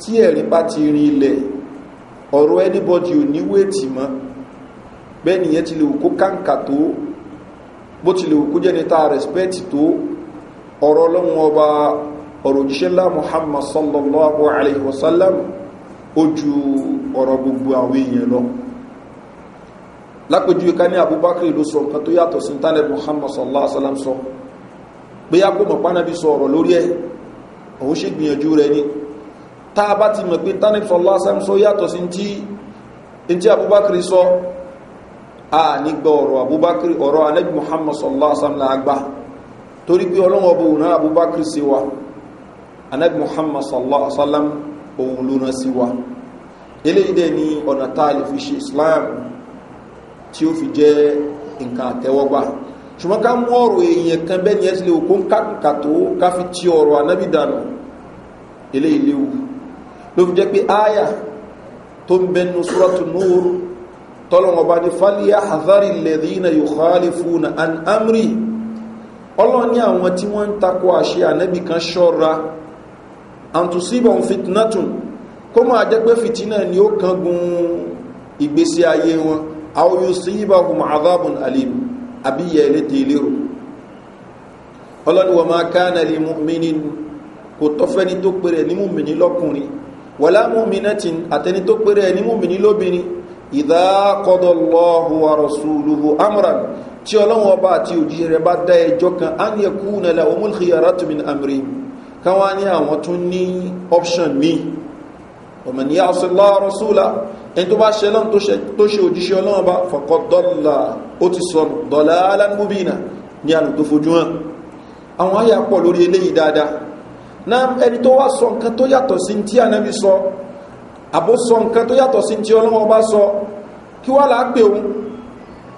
tí ẹ̀rí bá ti rin ilẹ̀ ọ̀rọ̀ anybody ò níwèé tì mọ́ bẹ́ẹ̀ nìyẹn ti lè kó kàǹkà tó bó ti lè kú jẹ́ ní ta rẹ̀spẹ́tì tó ọ̀rọ̀ ọlọ́run ọba ọ̀rọ̀ òjíṣẹ́ ńlá muhammad sallallahu alaihi wasallam ojú ọ̀rọ̀ gbogbo àwọn èèyàn lọ lápẹjúwe ká ní abubakar ló sọ nǹkan tó yàtọ̀ sí tánẹ̀ muhammad sallallahu alaihi wasallam sọ pé yá kó mọ̀ pánábí sọ ọ̀rọ̀ lórí ẹ̀ òun ṣe gbìyànjú rẹ̀ ni tá a bá a nígbà ọ̀rọ̀ abubakar ọ̀rọ̀ anabi muhammad sallallahu alaihi wasallam agba torí pé ọlọ́wọ́ bó wùnà abubakar sí wa anabi muhammad sallallahu alaihi wasallam òun lónà sí wa eléyìí dẹ̀ ní ọ̀nà tá a fi ṣe islam tí ó fi jẹ́ tọ́lọ́wọ́ bá ní fàlíyà àzárí lẹ́dínà yóò hálí fún an amri ọlọ́ni àwọn tí wọ́n ń takọ àṣẹ ànẹ́bì kan ṣọ́ra antusibon fitnatun kó máa jẹ́ pé fitina ni ó kangun ìgbésí ayé wọn àwòyún sí ibàkùn àzábùn alim àbíyẹ eléte ìlérò ọlọ́ni ìdákọ́dọ̀lọ́hu arọ̀sùlùhù amran tí ọlọ́wọ́ bá àti òjì rẹ̀ bá dá ẹjọ́ kan á ní ẹkú nílẹ̀ omúlùkìyàrátùmín amrin káwá ní àwọn tún ní option mi ọmọ ní àṣìlá arọ̀sùlà ẹni tó bá ṣẹlọ́n tó ṣe òjíṣẹ́ ọlọ́wọ́ bá fọ̀kọ́dọ́là ó ti sọ̀rọ̀ dọ̀là alámúbìnà ní àlù tó fojú hàn àwọn ayà pọ̀ lórí àbó sọ nǹkan tó yàtọ̀ sí tí ọlọ́wọ́ bá sọ kí wá là á pè òun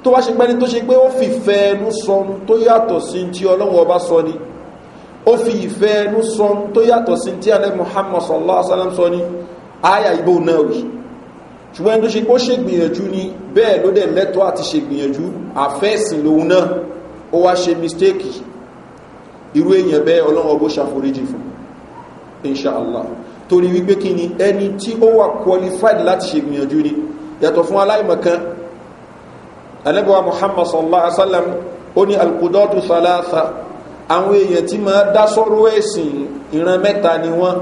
tó wá ṣe pẹ́ni tó ṣe pé ó fi ìfẹ́ ẹnu sọ tó yàtọ̀ sí tí ọlọ́wọ́ bá sọ ni ó fi ìfẹ́ ẹnu sọ tó yàtọ̀ sí tí alẹ́ muhammad sallallahu alaihi wasallam sọ ni aya ibo náà wì ṣùgbọ́n ẹni tó ṣe pé ó ṣègbìyànjú ni bẹ́ẹ̀ ló dẹ̀ lẹ́tọ́ àti ṣègbìyànjú àfẹ́ẹ̀sìn lòun náà ó wá ṣe mistake irú èèyàn bẹ́ẹ̀ ọlọ́wọ́ bó ṣàforíjì fún inṣàlá torí wípé kí ni ẹni tí ó wà qualified láti ṣe gbìyànjú ni yàtọ̀ fún aláìmọ̀kan anẹ́bọ̀wà muhammad sallallahu alaihi wasallam ó ní alkudọ́tù salasa àwọn èèyàn tí ma dá sọ́rọ̀ ẹ̀sìn ìran mẹ́ta ni wọ́n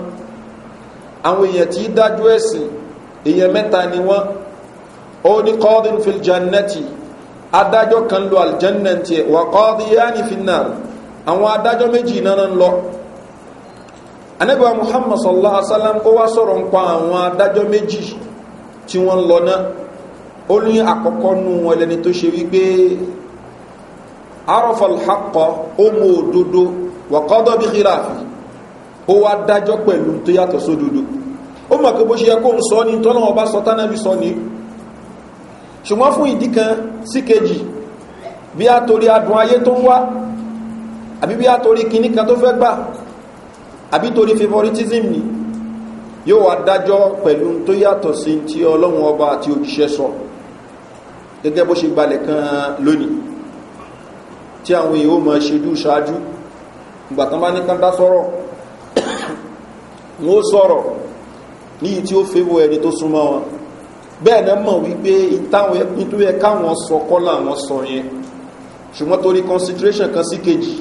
àwọn èèyàn tí dájú ẹ̀sìn èèyàn mẹ́ta ni wọ́n ó ní kọ́dín filjannati adájọ́ kan lo aljannati wà kọ́díyá ní finnar àwọn adájọ́ méjì náà ń lọ anabiwa muhammad sallallahu alaihi wa sallam ó wá sọ̀rọ̀ nípa àwọn adájọ́ méjì tí wọ́n ń lọ náà ó ní àkọ́kọ́ nu wọn lẹni tó ṣe wípé arọ́fọ̀l hakọ̀ ó mú òdodo wàkọ́dọ̀ bí kìláàfì ó wá dájọ́ pẹ̀lú tó yàtọ̀ sódodo ó mọ̀ pé bó ṣe yẹ kó ń sọ ní tọ́lọ́wọ́ bá sọ tánàbí sọ ní ṣùgbọ́n fún ìdí kan sí kejì bí a torí adùn ayé tó ń wá àbí bí a torí kinní kan tó fẹ́ gbà àbí torí favoritism ni yóò wá dájọ́ pẹ̀lú tó yàtọ̀ sí ti ọlọ́run ọba àti òjíṣẹ́ sọ gẹ́gẹ́ bó ṣe gbalẹ̀ kan lónìí tí àwọn èèyàn ó mọ̀ ṣejú ṣáájú ìgbàtán bá ní kan dá sọ́rọ̀ wọ́n sọ́rọ̀ ní tí ó fẹ́ ẹni tó súnmọ́ wọn bẹ́ẹ̀ náà mọ̀ wípé ìtàwọn ẹ̀káwọn sọ kọ́lá àwọn sọ yẹn ṣùgbọ́n torí concentration kan sí kejì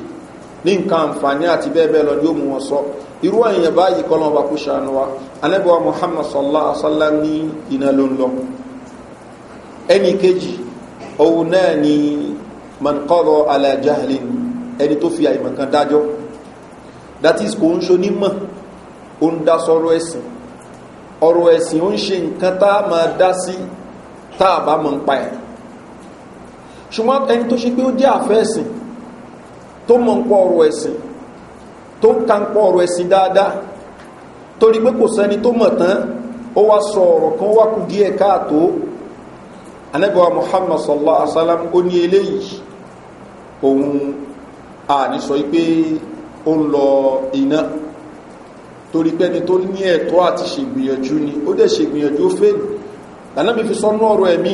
ní nǹkan àǹfààní àti bẹ́ẹ̀ bẹ́ẹ̀ lọ yóò mú wọn sọ irú àyìnyàn báyìí kọ́lọ́n ọba kó ṣàánú wa anẹ́bọ̀wá muhammad sallá asálá ní iná ló ń lọ ẹnì kejì òun náà ni mankọ́rọ̀ alajahlin ẹni tó fi àyìnbọn kan dájọ́ that is kò ń ṣo nímọ̀ ó ń dá sọ́rọ̀ ẹ̀sìn ọ̀rọ̀ ẹ̀sìn ó ń ṣe nǹkan tá a máa dá sí tá a bá mọ̀ ń pa ẹ̀ ṣùgbọ́n ẹni tó ṣe pé ó jẹ́ àfẹ́ ẹ̀sìn tó mọ̀ ń pọ̀ ọ̀rọ̀ ẹ̀sìn tó ń ka ń pọ̀ ọ̀rọ̀ ẹ̀sìn dáadáa torí pé kò sẹ́ni tó mọ̀ tán ó wá sọ ọ̀rọ̀ kan wá kú díẹ̀ káàtó anẹ́bọ̀wá muhammad sallallahu alaihi wasallam ó ní eléyìí òun àní pé ó ń lọ iná torí pé ẹni tó ní ẹ̀tọ́ àti ṣègbìyànjú ni ó dẹ̀ ṣègbìyànjú fèlè lànàbí fi sọ́nú ọ̀rọ̀ ẹ̀mí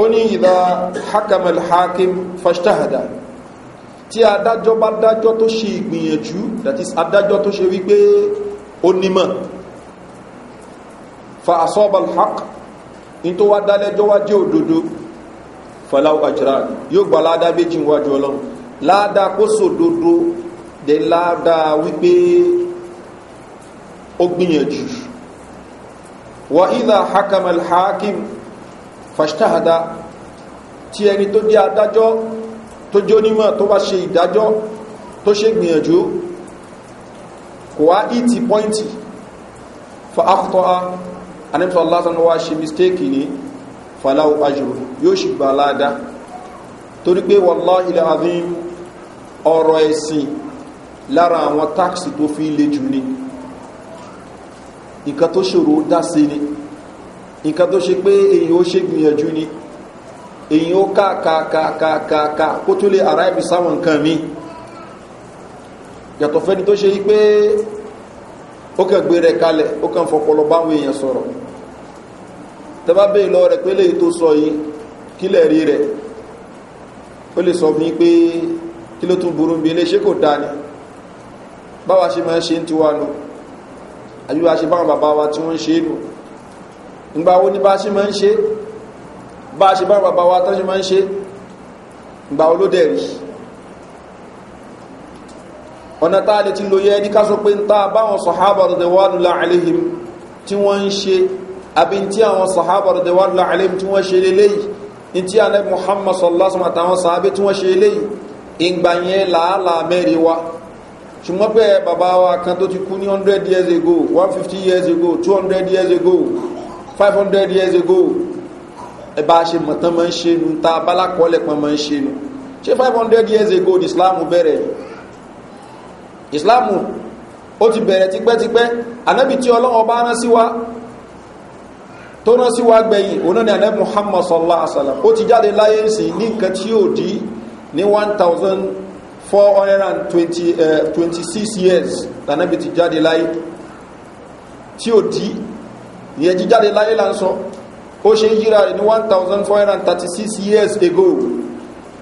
ó ní ìdá hakamal hakim fashtahada tí adájọ́ bá dájọ́ tó ṣe ìgbìyànjú that is adájọ́ tó ṣe wípé ó nímọ̀ fa asọ́bal haq ní tó wá dálẹ́jọ́ wá jẹ́ òdodo falau ajira yóò gbà ládá méjì wájú ọlọ́run ládá kó sòdodo dẹ̀ ládá wípé ó gbìyànjú wa ìdá hakamal hakim fashtahada tí ẹni tó dé adájọ́ tó jó nímọ̀ tó bá ṣe ìdájọ́ tó ṣe gbìyànjú kò wá ìtì pọ́ìntì fa akọ́tọ́ a anẹ́bùsọ̀ lásán wá ṣe mistake ní faláwọ̀ ajúrò yóò ṣì gbà láàdá torí pé wọ́lá ilẹ̀ azim ọ̀rọ̀ ẹ̀sìn lára àwọn táksì tó fi lè jù ní nǹkan tó ṣòro dá sí ni nǹkan tó ṣe pé èyí ó ṣe gbìyànjú ni èyí o ka ka ka ka ka ká kó tó lè ara ibi sáwọn nǹkan mi yàtọ̀ fẹ́ni tó ṣe yí pé ó kẹ́ gbé rẹ̀ kalẹ̀ ó kàn fọpọlọ báwọn èèyàn sọ̀rọ̀ tẹ́bá bẹ́ẹ̀ lọ rẹ̀ pé léyìí tó sọ yìí kílẹ̀ rí ó lè sọ fún yí pé kí ló tún burú bí ilé kò báwa ṣe máa ń ṣe ń tiwa wa ṣe báwọn bàbá wa bá a ṣe bá bàbá wa tán ṣe máa ń ṣe gbà olódẹ̀rí ọ̀nà táà lè ti lòye ẹni ká sọ pé ń ta báwọn sọ̀hábà rọ̀dẹ̀wàlùlá àlehìm tí wọ́n ń ṣe àbí tí àwọn sọ̀hábà rọ̀dẹ̀wàlùlá àlehìm tí wọ́n ṣe léléyìí ní tí alẹ́ muhammad sọ̀lásùn àtàwọn sàábé tí wọ́n ṣe léléyìí ìgbà yẹn làálàá mẹ́rin wa ṣùgbọ́n pé bàbá wa kan tó ti kú ní 100 years ago 150 years ago 200 years ago 500 years ago ẹ ṣe mọ̀tán máa ń ṣe nu ta abálákọ́lẹ̀ pọn máa ń ṣe nu ṣé five hundred years ago ni islam bẹ̀rẹ̀ islam ó ti bẹ̀rẹ̀ tipẹ́tipẹ́ ànábì tí ọlọ́wọ́ bá rán sí wa tó rán sí wa gbẹ̀yìn òun náà ni ànábì muhammad sallallahu alaihi wasallam ó ti jáde láyé sí ní nǹkan tí yóò dí ní one thousand four hundred and twenty eh, twenty six years ànábì ti jáde láyé tí yóò dí ìyẹn jíjáde láyé là ń ó ṣe yíra rẹ̀ ní 1436 years ago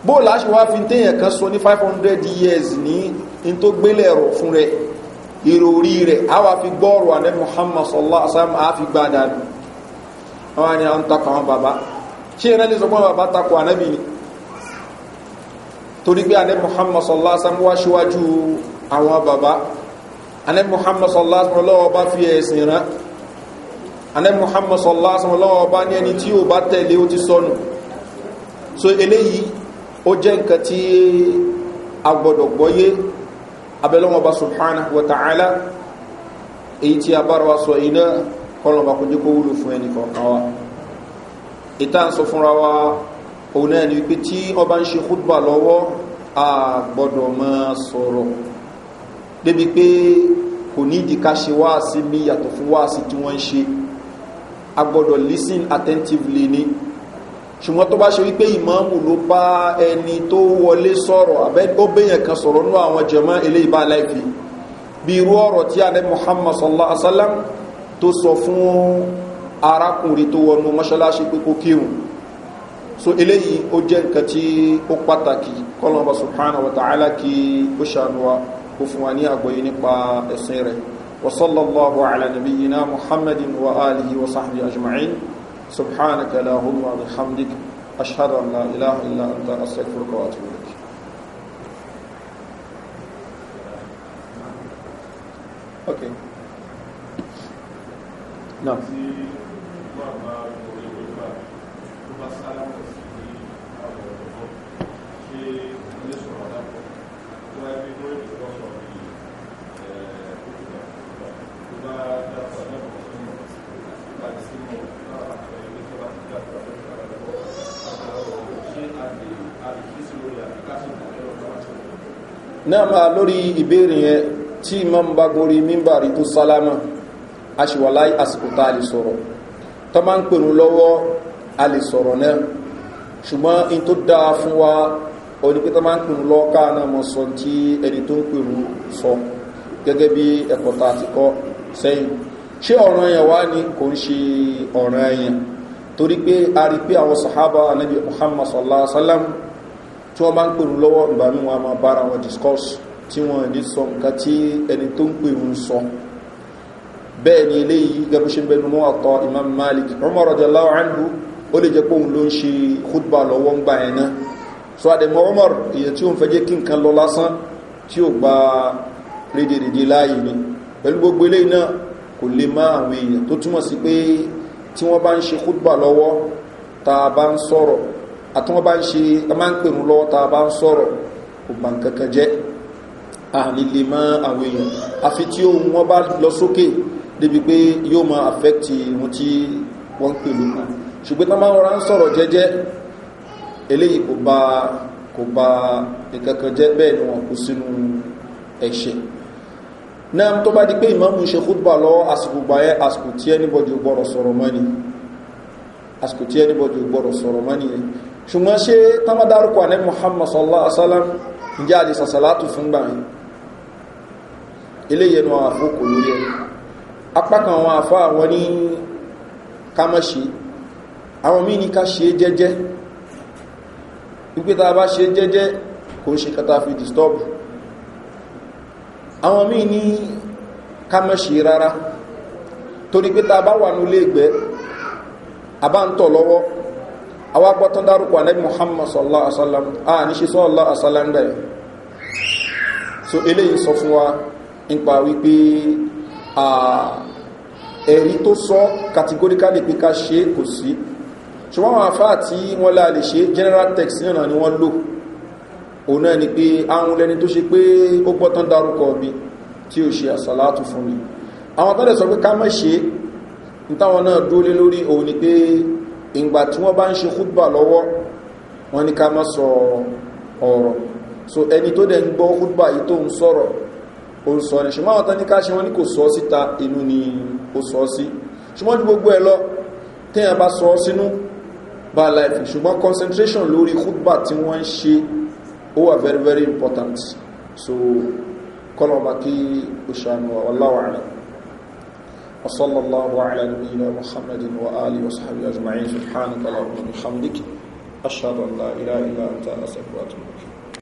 bóòlù aṣèwá fi téèyàn kan sọ ní 500 years ní in tó gbélé ẹ̀rọ fún rẹ̀ ìròrí rẹ̀ a wá fi gbọ́ọ̀rọ̀ àdẹ́ muhammad sallallahu alaihi wasallam a fi gbá dànù àwọn ni a ń takọ̀ àwọn bàbá ṣé ìrẹ́lẹ̀ sọ pé bàbá takọ̀ ànábì ni torí pé àdẹ́ muhammad sallallahu alaihi wasallam wá síwájú àwọn bàbá muhammad sallallahu alaihi wasallam lọ́wọ́ bá fi anẹ́ muhammad sallallahu alaihi wasallam lọ́wọ́ bá ní ẹni tí ó bá tẹ̀lé ó ti sọnù so eléyìí ó jẹ́ nǹkan tí a gbọ́dọ̀ gbọ́yé abẹ́lọ́wọ́ba subhana wa ta'ala èyí tí a bára wa sọ iná kọlọ̀bà kò jẹ́ kó wúlò fún ẹnì kọ̀ọ̀kan wa ìta ń sọ fúnra wa òun náà ni wípé tí wọ́n bá ń ṣe kúdùbà lọ́wọ́ a gbọ́dọ̀ máa sọ̀rọ̀ débi pé kò ní ìdíkà wáàsí mi yàtọ̀ fún wáàsí tí wọ́n ń ṣe agbọ́dọ̀ listen attentively ni ṣùgbọ́n tó bá ṣe wípé ìmáàmù ló bá ẹni tó wọlé sọ̀rọ̀ abẹ́ ó béèyàn kan sọ̀rọ̀ nú àwọn jẹ̀mọ́ eléyìí bá láìfi bí irú ọ̀rọ̀ tí adé muhammad sallallahu alaihi wasallam tó sọ fún arákùnrin tó wọnú mọ́ṣáláṣí pé kírun so eléyìí ó jẹ́ nǹkan tí ó pàtàkì kọ́lọ́mọba subhanahu wa ta'ala kí ó ṣàánú wa kó fún wa ní àgbọ̀yé nípa ẹ̀sìn rẹ̀ وصلى الله على نبينا محمد وآله وصحبه أجمعين سبحانك لا هم وبحمدك أشهد أن لا إله إلا أنت أستغفرك وأتوب إليك أوكي نعم que deixa na ma lori iberi e ti ma mba gori mimba ritu salama a shewalai asiputa alisoro ta ma n kperu lowo a lisoronem sugbon in to daafuwa olipita ma n kperu ka na moson ti eni to kperu so gege bi ekota ti ko sẹ́yìn ṣé ọ̀ràn yẹn wá ní kò ń ṣe ọ̀ràn yẹn torí pé a rí pé àwọn sahaba anabi muhammad sallallahu alaihi wasallam tí wọ́n bá ń pèrò lọ́wọ́ ìbámi wọn a máa bára wọn discuss tí wọ́n ní sọ nǹkan tí ẹni tó ń pèrò ń sọ bẹ́ẹ̀ ni eléyìí gẹ́gùsí bẹnu mọ́ àtọ́ imam malik umar radiyallahu anhu ó lè jẹ́ pòun ló ń ṣe khutba lọ́wọ́ ń gba ẹ̀ náà so àdẹ̀mọ́ umar èyàn tí ó ń fẹ́ jẹ́ kí nǹkan lọ lásán tí ó gba rédèrèdè láàyè ni pẹ̀lú gbogbo ilé náà kò lè má àwọn èèyàn tó túmọ̀ sí pé tí wọ́n bá ń ṣe kúdùbà lọ́wọ́ tá a bá ń sọ̀rọ̀ àti wọ́n bá ń ṣe a máa ń pèrún lọ́wọ́ tá a bá ń sọ̀rọ̀ kò bá nǹkan kan jẹ́ àní lè má àwọn èèyàn àfi tí ohun wọn bá lọ sókè débi pé yóò máa àfẹ́kì ohun tí wọ́n ń pè lókun ṣùgbọ́n tá máa ń sọ̀rọ̀ jẹ́jẹ́ eléyìí kò bá kò bá nǹkan jẹ́ bẹ́ẹ̀ ni wọn kò sínú ẹ̀ṣẹ̀ náà tó bá di pé ìmọ̀mù ṣe kútbà lọ àsìkò gbáyẹ àsìkò tí ẹnibọ̀dì gbọ́rọ̀ sọ̀rọ̀ mọ́ni àsìkò tí ẹnibọ̀dì gbọ́rọ̀ sọ̀rọ̀ mọ́ni rẹ̀ ṣùgbọ́n ṣe támádárúkọ muhammad sallallahu alaihi wasallam ǹjẹ́ àdì sàṣàlátù fún gbà yìí eléyìí ẹnu àfọ kò lórí ẹ apá kan àwọn àfọ àwọn ní ká mọ́ ṣe àwọn míì ní ká mọ́ ṣe rárá torí pé ta bá wà ní ilé àbáǹtọ̀ lọ́wọ́ àwọn agbọ́tán anẹ́bí muhammad sallallahu alaihi wasallam a ní ṣe sallallahu alaihi bẹ̀rẹ̀ so eléyìí sọ fún wa nípa wípé ẹ̀rí tó sọ kàtígóríkálì pé ká ṣe kò sí ṣùgbọ́n àwọn afá wọ́n lá lè ṣe general text náà ni wọ́n lò òun náà ni pé àwọn lẹni tó ṣe pé ó gbọ́tán dárúkọ mi tí ó ṣe àsàlátù fún mi àwọn tọ́lẹ̀ sọ pé ká mọ́ ṣe ntáwọn náà dúró lórí òun ni pé ìgbà tí wọ́n bá ń ṣe hútbà lọ́wọ́ wọ́n ní ká mọ́ sọ ọ̀rọ̀ so ẹni tó dẹ̀ ń gbọ́ hútbà yìí tó ń sọ̀rọ̀ ni ṣùgbọ́n àwọn tán ní ká ṣe wọ́n ní kò sọ síta inú ni ó sọ sí ṣùgbọ́n concentration lórí hútbà tí wọ́n ó wà very very important so kọ́nà ọba kí ó ṣàánú aláwàrán وصلى الله على نبينا محمد وآله وصحبه أجمعين سبحانك اللهم وبحمدك أشهد أن لا إله إلا أنت أستغفرك